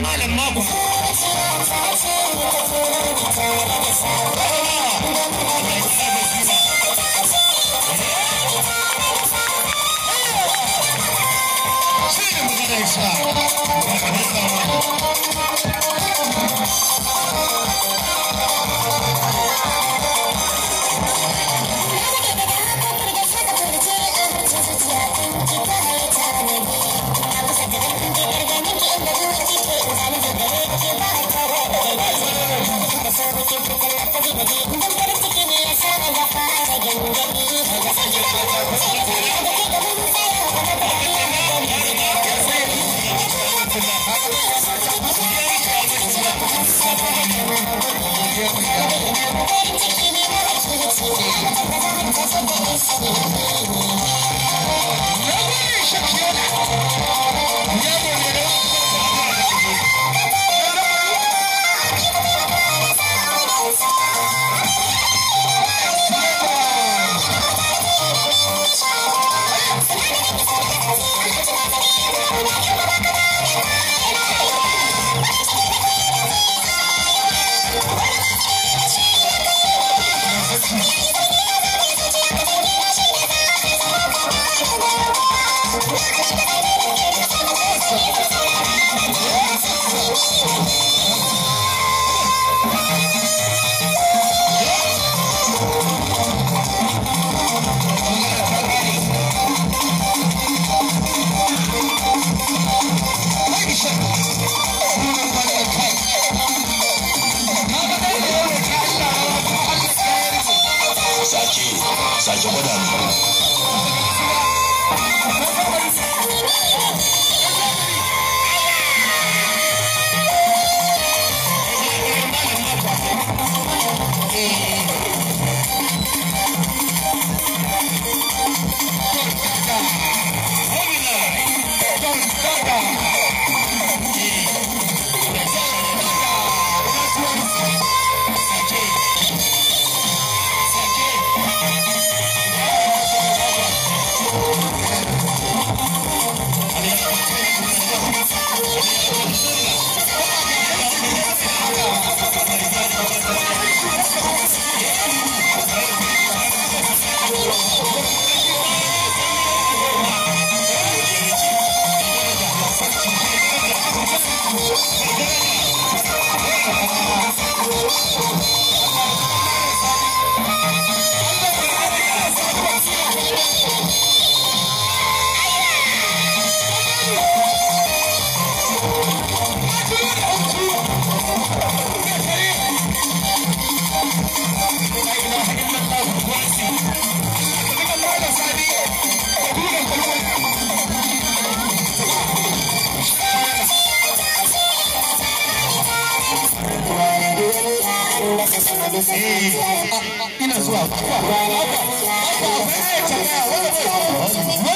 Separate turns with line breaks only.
malam mako Thank you. そこなんだ Yeah. Hey, you know,